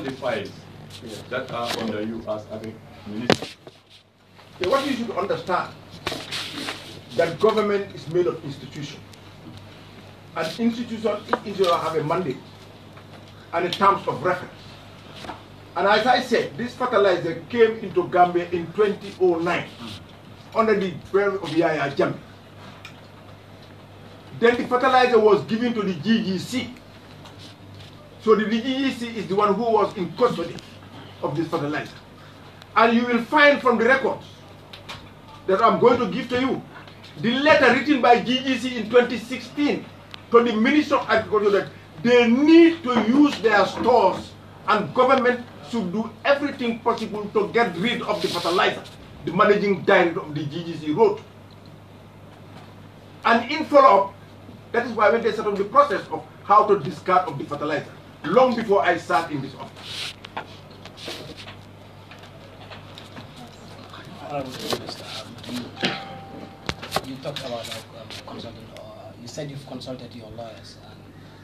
all the files that are under you as agri minister. So what you should understand that government is made of institutions. An institution each institution have a mandate and in terms of reference. And as I said, this fertilizer came into Gambia in 2009 under the reign of Yaya Jammeh. Then the fertilizer was given to the GGC so the DGEC is the one who was in custody of this fertilizer. And you will find from the records that I'm going to give to you the letter written by GGC in 2016 to the Minister of Agriculture that they need to use their stores and government should do everything possible to get rid of the fertilizer. The managing director of the GGC wrote. And in follow-up, that is why when they set up the process of how to discard of the fertilizer long before I sat in this office. you, talked about um, consulting, uh, you said you've consulted your lawyers and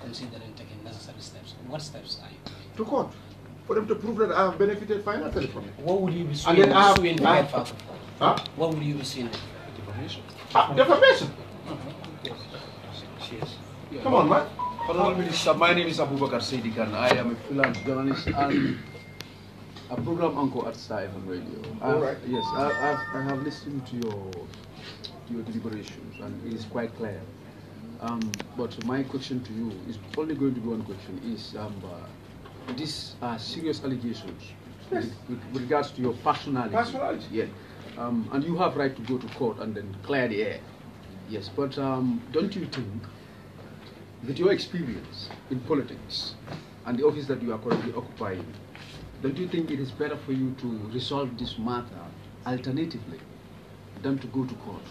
considering taking necessary steps. What steps are you taking? To court, for them to prove that I have benefited financially from it. What would you be suing? And then I have, suing huh? What would you be suing? Defamation. Ah, defamation. Mm-hmm. Come on, man. Hello, Minister, my name is Abubakar Sidi Khan. I am a freelance journalist and a program anchor at Star FM Radio. All right. Yes, I, I've, I have listened to your to your deliberations, and it is quite clear. Um, but my question to you is only going to be one question: Is um, uh, these are serious allegations yes. with, with, regards to your personality? Personality. Yes. Um, and you have right to go to court and then clear the air. Yes, but um, don't you think? with your experience in politics and the office that you are currently occupying, don't you think it is better for you to resolve this matter alternatively than to go to court?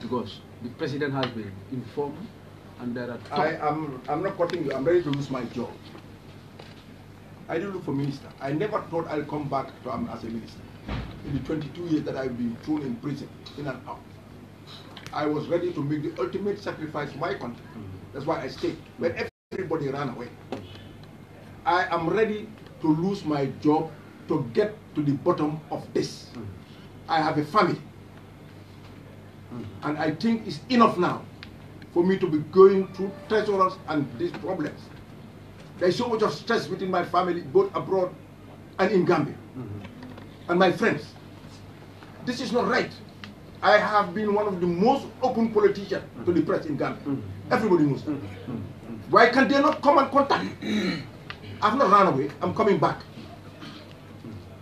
Because the president has been informed and there are... I am I'm, not quoting you. I'm ready to lose my job. I didn't look for minister. I never thought I'll come back to, um, as a minister. In the 22 years that I've been thrown in prison, in and out, I was ready to make the ultimate sacrifice for my country. Mm -hmm. That's why I stayed. When everybody ran away, I am ready to lose my job to get to the bottom of this. Mm. I have a family. Mm. And I think it's enough now for me to be going through treasurers and these problems. There's so much of stress within my family, both abroad and in Gambia. Mm -hmm. And my friends, this is not right. I have been one of the most open politicians -hmm. to the press in Gambia. -hmm. Everybody knows that. Why can they not come and contact? I've not run away. I'm coming back.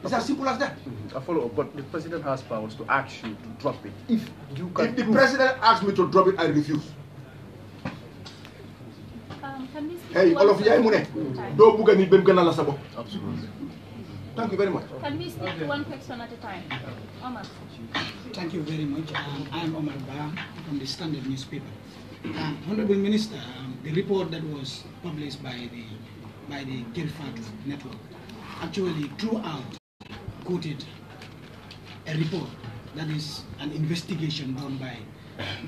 It's as simple as that. Mm-hmm. I follow up, but the president has powers to ask you to drop it. If you can. If the president asks me to drop it, I refuse. Um, hey, all of you, i Do buga ni bem sabo. Absolutely. Thank you very much. Can we speak okay. one question at a time? Omar. Thank you very much. Um, I'm Omar Ba from the Standard newspaper. Uh, Honorable Minister, um, the report that was published by the by the Gilfat Network actually drew out, quoted a report that is an investigation done by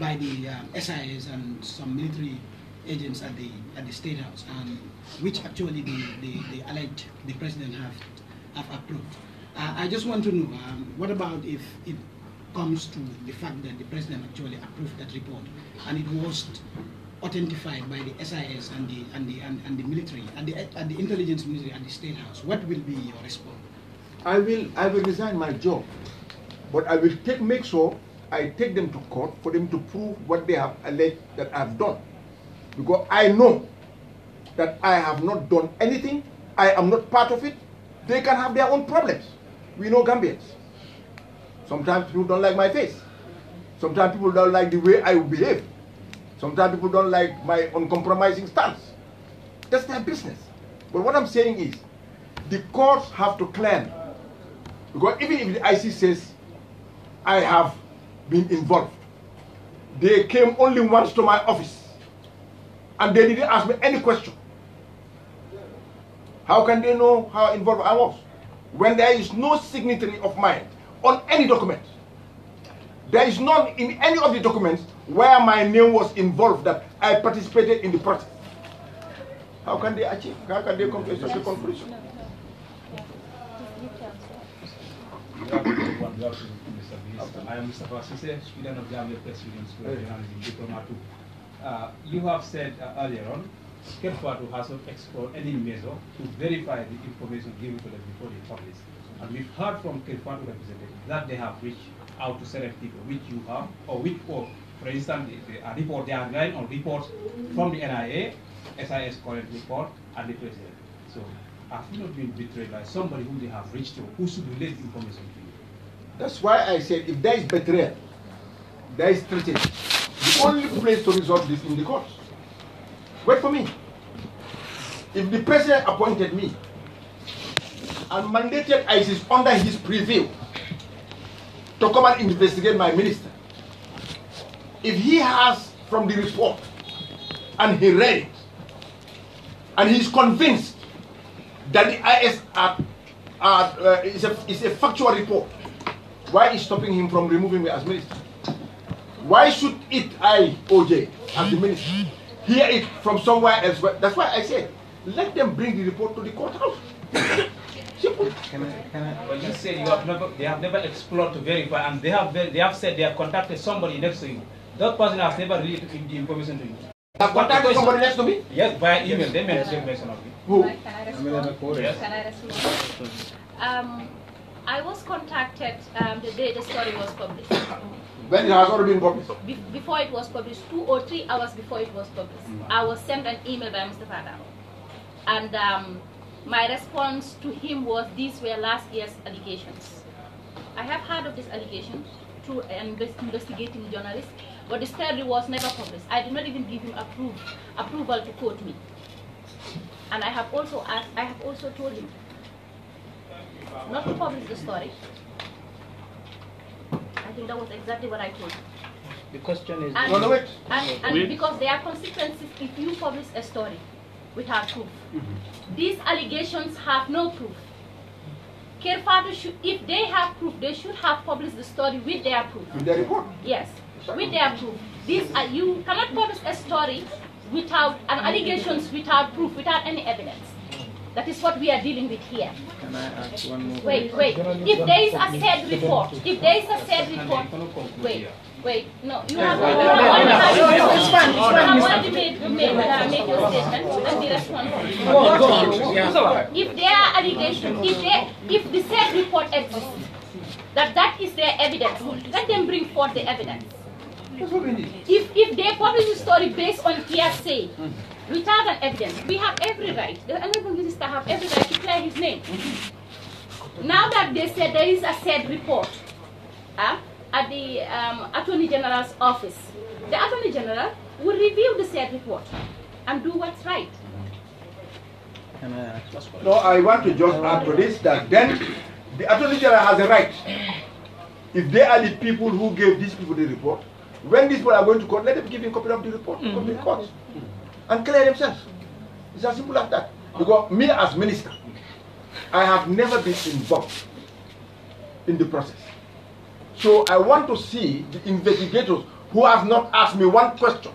by the um, uh, SIS and some military agents at the at the State House, and um, which actually the the, the alleged the president have have approved. Uh, I just want to know um, what about if, if comes to the fact that the president actually approved that report, and it was authenticated by the SIS and the and the and, and the military and the and the intelligence ministry and the State House. What will be your response? I will I will resign my job, but I will take make sure I take them to court for them to prove what they have alleged that I've done, because I know that I have not done anything. I am not part of it. They can have their own problems. We know Gambians. Sometimes people don't like my face. Sometimes people don't like the way I behave. Sometimes people don't like my uncompromising stance. That's their business. But what I'm saying is, the courts have to claim Because even if the IC says, I have been involved, they came only once to my office and they didn't ask me any question. How can they know how involved I was? When there is no signatory of mine on any document. There is none in any of the documents where my name was involved that I participated in the process. How can they achieve? How can they come to such a conclusion? I am Mr. student of Press uh, you have said uh, earlier on, Kepwatu has not explored any measure to verify the information given to them before they publish. And we've heard from Kirkwan representatives that they have reached out to select people, which you have, or which, or for instance, they, report, they are relying on reports from the NIA, SIS current report, and the president. So I've not been betrayed by somebody who they have reached to, who should relate information to you. That's why I said if there is betrayal, there is treason. The only place to resolve this in the court. Wait for me. If the president appointed me and mandated ISIS under his preview to come and investigate my minister. If he has from the report and he read it, and he's convinced that the IS are, are, uh, is, a, is a factual report, why is stopping him from removing me as minister? Why should it I, OJ, as the minister, hear it from somewhere else? That's why I said, let them bring the report to the courthouse. Can I, can I? Well, you say you have never, they have never explored to verify, and they have, they have said they have contacted somebody next to you. That person has never relayed the information to you. Have contacted somebody next to me? Yes, by email. They may have information of you. Who? Can I respond? Yes. Can I respond? Um, I was contacted um, the day the story was published. When it has already been published? Be before it was published, two or three hours before it was published, mm -hmm. I was sent an email by Mr. Fadao. And um, my response to him was these were last year's allegations. I have heard of these allegations through an investigating journalist, but the story was never published. I did not even give him approve, approval to quote me. And I have also asked, I have also told him not to publish the story. I think that was exactly what I told him. The question is... And, and, and because there are consequences if you publish a story without proof. Mm -hmm. These allegations have no proof. Kerfado should, if they have proof, they should have published the story with their proof. With their report? Yes, with their proof. These are, you cannot publish a story without, an allegations without proof, without any evidence. That is what we are dealing with here. Can I ask one more Wait, wait. If there is a said report, if there is a said report, wait. Wait, no, you have It's fine, it's fine. I want to make, your uh, statement and the response. If there are allegations, if, they, if the said report exists, that that is their evidence, let them bring forth the evidence. If, if they publish a story based on hearsay, mm-hmm. without an evidence, we have every right, the honorable minister have every right to clear his name. Mm-hmm. Now that they said there is a said report, uh, at the um, Attorney General's office. The Attorney General will review the said report and do what's right. no, I want to just add to this that then the Attorney General has a right. If they are the people who gave these people the report, when these people are going to court, let them give a copy of the report mm -hmm. the court and clear themselves. It's as simple as that. Because me as minister, I have never been involved in the process. So I want to see the investigators who have not asked me one question,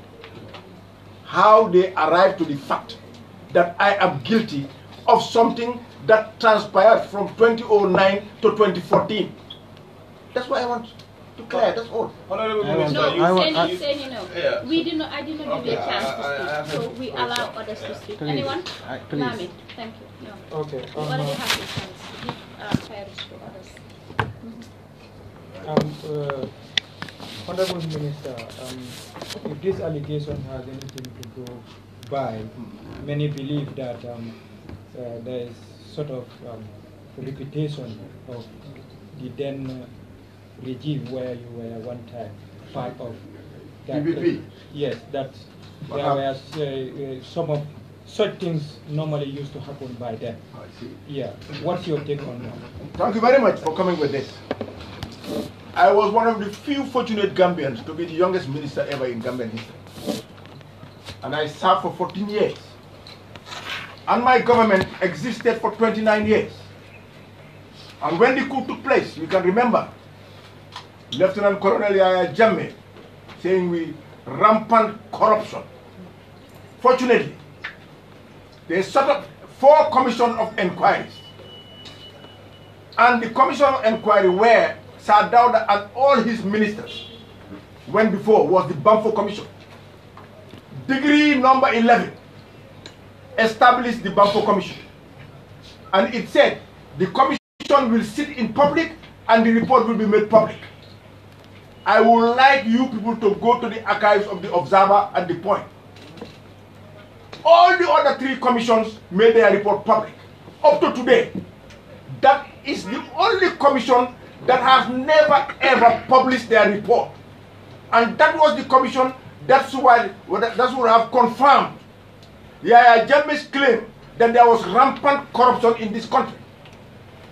how they arrived to the fact that I am guilty of something that transpired from 2009 to 2014. That's why I want to clear, that's all. Honorable Minister, no, you, I, you, you, you, know, yeah. we did not, I did not okay. give you a chance to speak, so we allow others to speak. Please. Anyone? I, please. thank you. No. Okay. Um, you already have your chance. Give uh, to others. Um, uh, Honorable Minister, um, if this allegation has anything to do by, many believe that um, uh, there is sort of um, reputation of the then regime where you were one time part of. That, uh, yes, that there were uh, uh, some of such things normally used to happen by then. I see. Yeah. What's your take on that? Thank you very much for coming with this. I was one of the few fortunate Gambians to be the youngest minister ever in Gambian history. And I served for 14 years. And my government existed for 29 years. And when the coup took place, you can remember Lieutenant Colonel Yaya Jammeh saying we rampant corruption. Fortunately, they set up four commission of inquiries. And the commission of inquiry were Sir and all his ministers went before was the Banfo Commission. Degree number 11 established the Banfo Commission. And it said the commission will sit in public and the report will be made public. I would like you people to go to the archives of the Observer at the point. All the other three commissions made their report public. Up to today, that is the only commission that has never ever published their report. And that was the commission that's why that's what I've confirmed Yahya Jammeh's claim that there was rampant corruption in this country.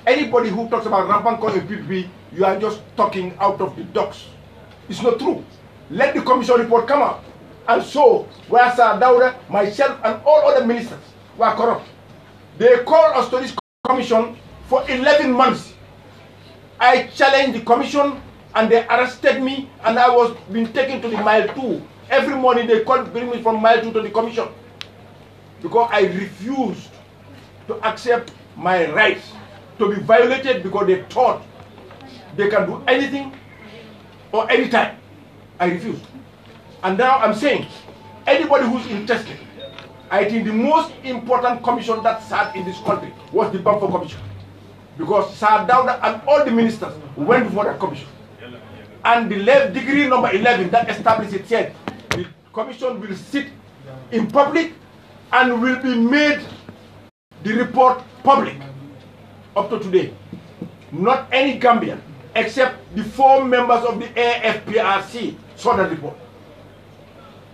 Anybody who talks about rampant corruption, you are just talking out of the ducks. It's not true. Let the commission report come out. And so, where Saadawra, myself, and all other ministers were corrupt. They called us to this commission for 11 months. I challenged the commission and they arrested me and I was being taken to the mile two. Every morning they called bring me from mile two to the commission because I refused to accept my rights to be violated because they thought they can do anything or anytime. I refused. And now I'm saying, anybody who's interested, I think the most important commission that sat in this country was the Bamford Commission. Because Sir and all the ministers went before the commission. And the degree number 11 that established it said the commission will sit in public and will be made the report public up to today. Not any Gambian except the four members of the AFPRC saw that report.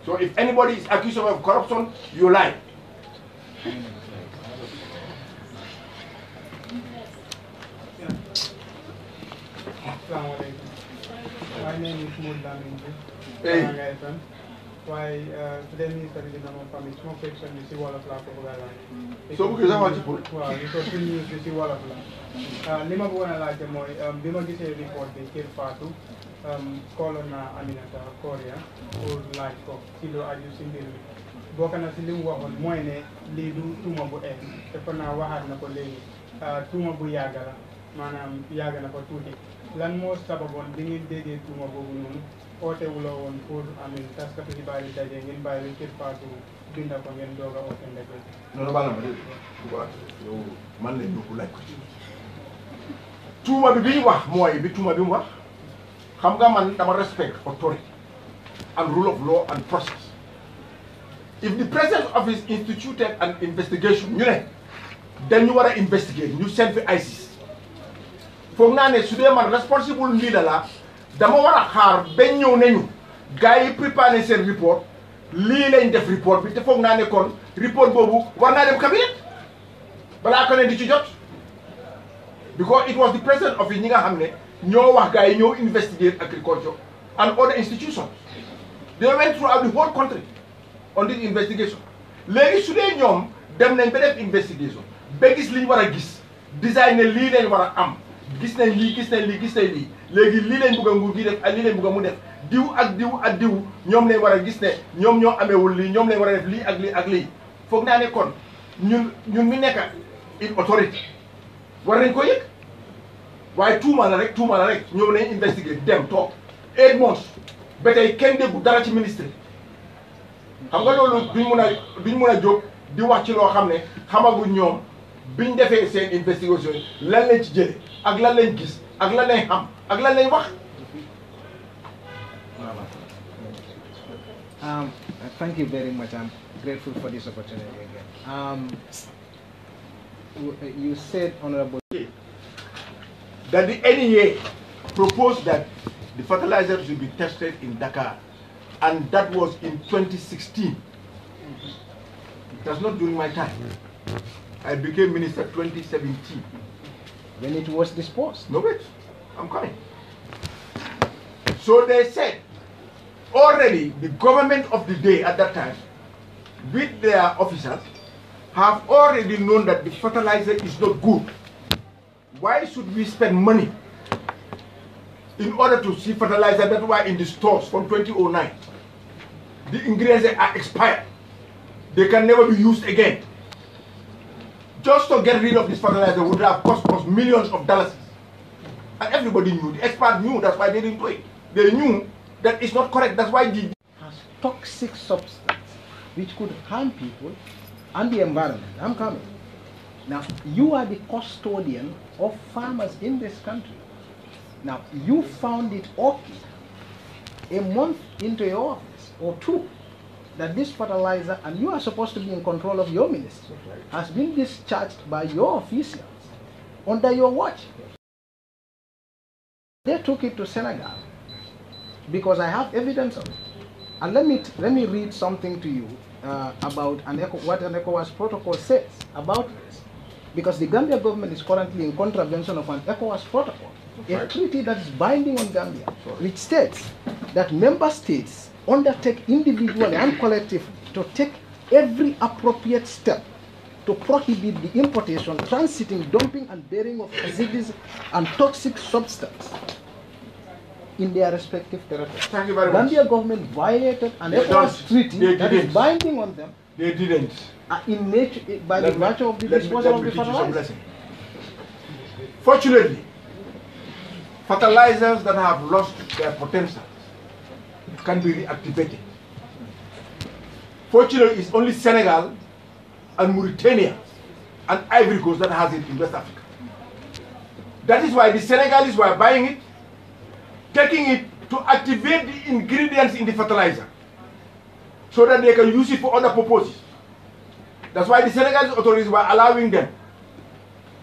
So if anybody is accused of corruption, you lie. My name is Mulla Minji. Hey. Why uh, today is the reason I'm from is more fiction is the wall of life of Ugala. So because I want to put well, it's a film news is the wall of life. Uh, Lima Buana like Moy, um, Bima Gita report the Cape Fatu, um, Colonna Aminata, Korea, or like of oh, Kilo Ajusimbiru. bokk na si li mu waxoon mooy ne lii du tuuma bu ees te fan naa waxaat na ko léegi uh, tuuma bu yàgg la maanaam um, yàgg na ko tuuti lan moo sababoon bi ngeen déggee tuuma boobu noonu oote wuloo woon pour amin taskatu xibaar yi daje ngeen bàyyi ba kër Fatou binda ko ngeen doog a oote ndekk. non non baal ma dégg nga yow man lañ dugg laaj ko ci tuuma bi bi ñu wax mooy bi tuuma bi mu wax xam nga man dama respect authority and rule of law and process if the president's office instituted an investigation ñu ne dañu war a investigate ñu seen fi ICC foog naa ne su dee man responsible leader laa dama war a xaar bañ ñëw nañu gars yi préparé seen report lii lañ def report bi te foog naa ne kon report boobu war naa dem cabinet balaa ko ne di ci jot because it was the president of yi ñi nga xam ne ñoo wax gars yi ñoo investigate agriculture and other institutions they went throughout the whole country on this investigation léegi su dee ñoom dem nañ ba def investigation ba gis li ñu war a gis design ne lii lañ war a am gis nañ lii gis nañ lii gis nañ lii léegi lii lañ bëgg a nguur gi def ak lii lañ bëgg mu def diw ak diw ak diw ñoom lañ war a gis ne ñoom ñoo ameewul lii ñoom lañ war a def lii ak lii ak lii foog naa ne kon ñun ñun mi nekk une autorité war nañ ko yëg waaye tuuma la rek tuuma la rek ñoom nañ investigué dem toog eight months ba tey kenn déggu dara ci ministre xam nga loolu duñ mun a duñ mun a jóg di wax ci loo xam ne xamaguñ ñoom seen investigation lan lañ ci ak lan lañ gis ak lan lañ xam ak lan lañ wax. Um, thank you very much. I'm grateful for this opportunity again. Um, you said, Honorable, that the NEA proposed that the fertilizer should be tested in Dakar, and that was in 2016. That's not during my time. I became minister 2017. When it was disposed. No, wait. I'm coming. So they said, already the government of the day at that time, with their officers, have already known that the fertilizer is not good. Why should we spend money in order to see fertilizer that were in the stores from 2009? The ingredients are expired. They can never be used again just to get rid of this fertilizer would have cost us millions of dollars. And everybody knew, the expert knew, that's why they didn't do it. They knew that it's not correct, that's why they has toxic substance which could harm people and the environment. I'm coming. Now, you are the custodian of farmers in this country. Now, you found it okay a month into your office or two that this fertilizer, and you are supposed to be in control of your ministry, has been discharged by your officials under your watch. They took it to Senegal because I have evidence of it. And let me, let me read something to you uh, about an ECO, what an ECOWAS protocol says about this. Because the Gambia government is currently in contravention of an ECOWAS protocol, a treaty that is binding on Gambia, which states that member states undertake individually and collectively to take every appropriate step to prohibit the importation, transiting, dumping, and bearing of hazardous and toxic substances in their respective territories. Thank you very much. Gambia government violated an ECOWAS treaty that is binding on them. They didn't. Uh, in nature, by let the me, nature of the disposal me, of the fertilizer. Fortunately, fertilizers that have lost their potential can be reactivated. Fortunately, it's only Senegal and Mauritania and Ivory Coast that has it in West Africa. That is why the Senegalese were buying it, taking it to activate the ingredients in the fertilizer so that they can use it for other purposes. That's why the Senegalese authorities were allowing them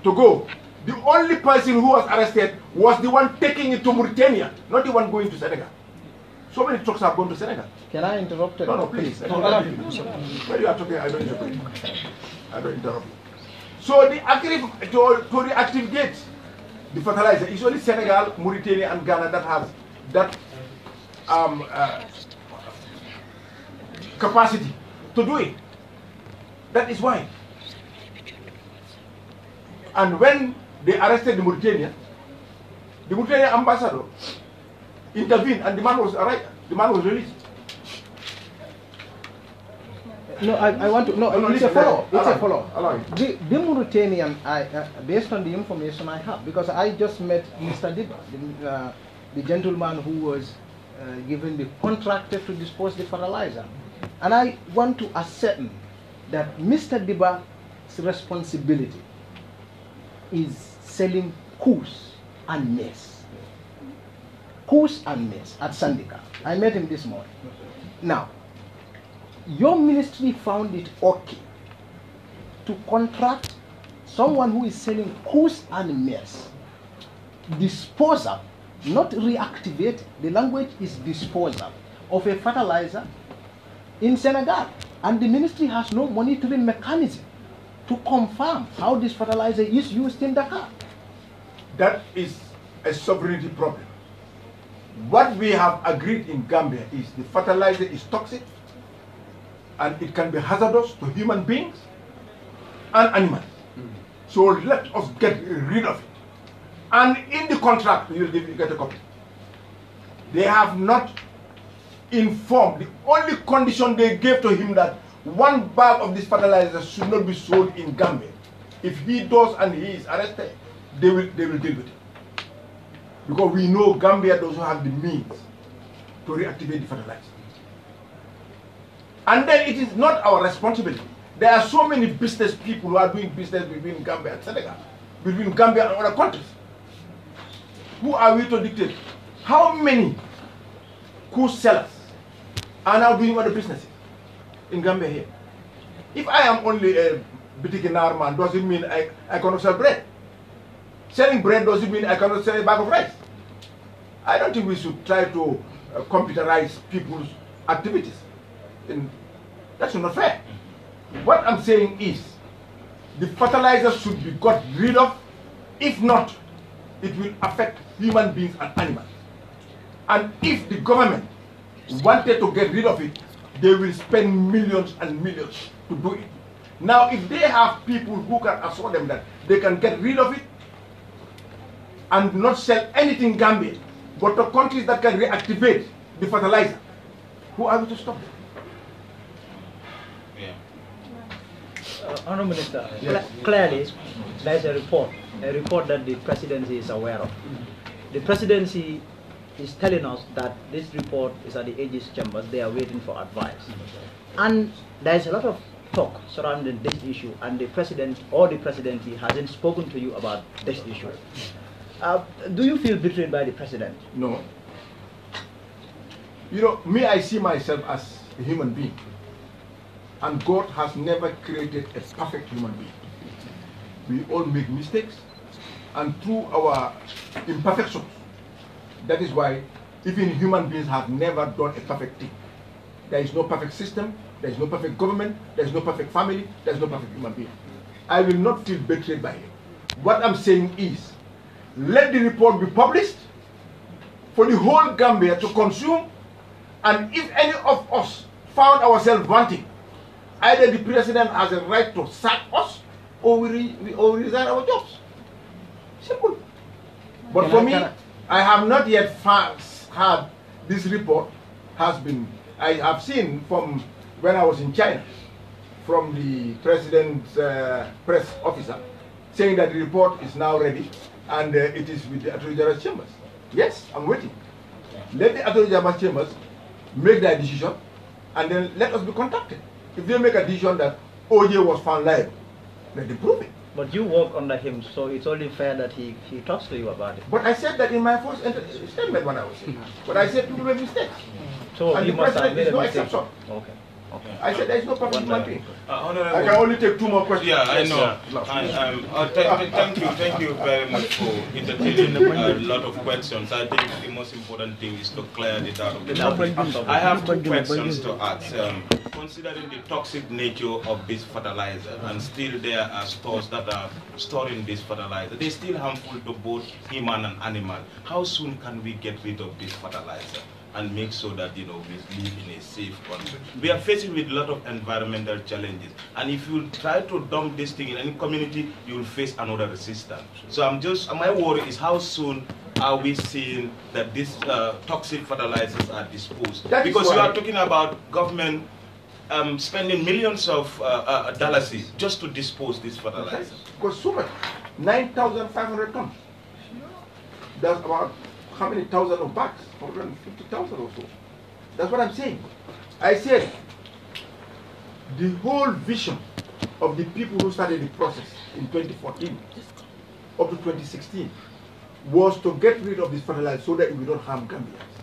to go. The only person who was arrested was the one taking it to Mauritania, not the one going to Senegal. So many trucks have gone to Senegal. Can I interrupt? No, no, please. No, when you are talking, I don't interrupt. I don't interrupt. So the active to, to re-activate the fertilizer is only Senegal, Mauritania, and Ghana that has that um, uh, capacity to do it. That is why. And when they arrested the Mauritania, the Mauritania ambassador Intervene, and the man was arrested. The man was released. No, I, I want to. No, no it's, a follow, it's a follow. Allow a follow. The, Mauritanian, I, uh, based on the information I have, because I just met Mr. Diba, the, uh, the gentleman who was uh, given the contractor to dispose the fertilizer. And I want to ascertain that Mr. Diba's responsibility is selling coups and mess who's Ames at Sandika. I met him this morning. Now, your ministry found it okay to contract someone who is selling who's Ames, dispose of, not reactivate, the language is disposal, of, of a fertilizer in Senegal. And the ministry has no monitoring mechanism to confirm how this fertilizer is used in Dakar. That is a sovereignty problem. What we have agreed in Gambia is the fertilizer is toxic and it can be hazardous to human beings and animals. Mm So let us get rid of it. And in the contract, you will get a copy. They have not informed. The only condition they gave to him that one bag of this fertilizer should not be sold in Gambia. If he does and he is arrested, they will, they will deal with it. Because we know Gambia doesn't have the means to reactivate the fertilizer. And then it is not our responsibility. There are so many business people who are doing business between Gambia and Senegal, between Gambia and other countries. Who are we to dictate? How many cool sellers are now doing other businesses in Gambia here? If I am only a Bitikinar man, does it mean I, I cannot sell bread? Selling bread doesn't mean I cannot sell a bag of rice. I don't think we should try to uh, computerize people's activities. And that's not fair. What I'm saying is, the fertilizer should be got rid of. If not, it will affect human beings and animals. And if the government wanted to get rid of it, they will spend millions and millions to do it. Now, if they have people who can assure them that they can get rid of it, and not sell anything Gambia, but to countries that can reactivate the fertilizer, who are we to stop? Uh, Honourable Minister, yes. cl clearly there's a report, a report that the presidency is aware of. The presidency is telling us that this report is at the Aegis chambers, they are waiting for advice. And there's a lot of talk surrounding this issue and the president or the presidency hasn't spoken to you about this issue. Uh, do you feel betrayed by the president? No. You know, me, I see myself as a human being. And God has never created a perfect human being. We all make mistakes. And through our imperfections, that is why even human beings have never done a perfect thing. There is no perfect system, there is no perfect government, there is no perfect family, there is no perfect human being. I will not feel betrayed by him. What I'm saying is, let the report be published for the whole Gambia to consume. And if any of us found ourselves wanting, either the president has a right to sack us or we, re, we or resign our jobs. Simple. But for me, I have not yet had this report has been, I have seen from when I was in China, from the president's uh, press officer, saying that the report is now ready and uh, it is with the Attorney General chambers. Yes, I'm waiting. Let the Attorney General chambers make their decision, and then let us be contacted. If they make a decision that OJ was found liable, let them prove it. But you work under him, so it's only fair that he, he talks to you about it. But I said that in my first statement when I was here. but I said people make mistakes. So and the must president is no exception. Okay. Okay. I said there's no problem thing. Uh, I can only take two more questions. Yeah, I know. I, uh, um, oh, thank you, thank you very much for entertaining a lot of questions. I think the most important thing is to clear the doubt of the I have two questions to ask. Um, considering the toxic nature of this fertilizer, and still there are stores that are storing this fertilizer, they're still harmful to both human and animal. How soon can we get rid of this fertilizer? and make sure that you know we live in a safe country. We are facing with a lot of environmental challenges, and if you try to dump this thing in any community, you will face another resistance. So I'm just my worry is how soon are we seeing that these uh, toxic fertilizers are disposed? That because you are talking about government um, spending millions of uh, uh, dollars just to dispose these fertilizers. Because so much, nine thousand five hundred tons. That's about how many thousand of bucks? 150,000 or so. That's what I'm saying. I said the whole vision of the people who started the process in 2014 up to 2016 was to get rid of this fertilizer so that it do not harm Gambians.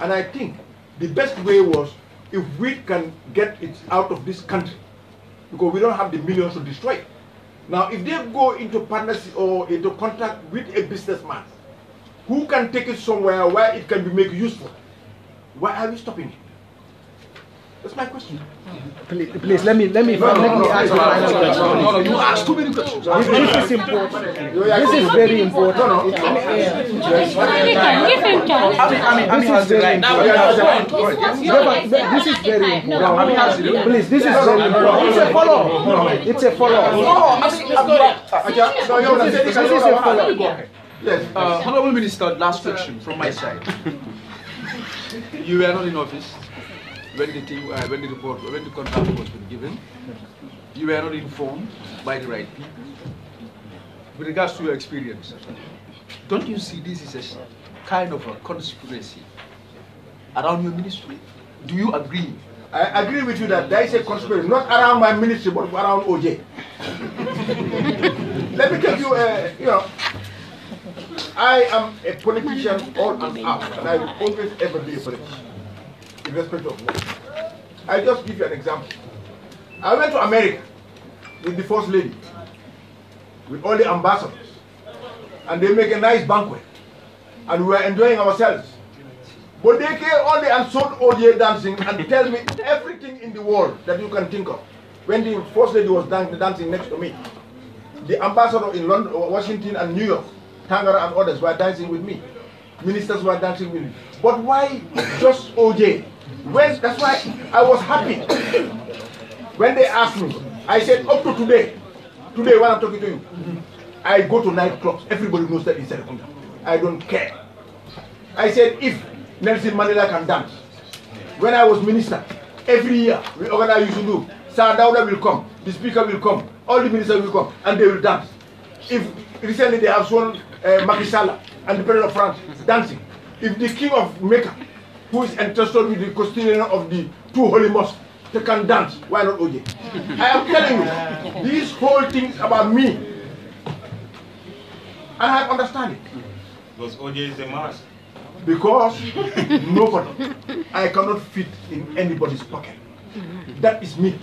And I think the best way was if we can get it out of this country because we don't have the millions to destroy it. Now, if they go into partnership or into contract with a businessman, who can take it somewhere where it can be made useful? Why are we stopping it? That's my question. Please, please let me let me no, no, let me no, ask no, final question. No, no, you asked too many questions. This, is important. This is very important. No, no. This is very important. Please, this is very important. It's a follow. It's a follow. No, I mean, this is a follow. Yes, uh, Honourable Minister, last question from my side. you were not in office when the, team, uh, when the report, when the contract was given. You were not informed by the right people. With regards to your experience, don't you see this is a kind of a conspiracy around your ministry? Do you agree? I agree with you that there is a conspiracy, not around my ministry, but around OJ. Let me give you a, uh, you know, I am a politician all and out, and I will always ever be a politician, in respect of what. I just give you an example. I went to America with the first lady, with all the ambassadors, and they make a nice banquet, and we were enjoying ourselves. But they came only and sold all the dancing and tell me everything in the world that you can think of. When the first lady was dancing next to me, the ambassador in London, Washington, and New York Tangara and others were dancing with me. Ministers were dancing with me. But why just OJ? When, that's why I was happy. when they asked me, I said, up to today, today when I'm talking to you, I go to nightclubs. Everybody knows that in Serekunda. I don't care. I said, if Nelson Mandela can dance, when I was minister, every year we organize to do, Dauda will come, the speaker will come, all the ministers will come, and they will dance. If recently they have sworn uh, eh, Makisala and the President of France dancing. If the King of Mecca, who is entrusted with the custodian of the two holy mosques, they can dance, why not OJ? I am telling you, these whole things about me, and I understand it. Because OJ is the mask. Because nobody, I cannot fit in anybody's pocket. That is me.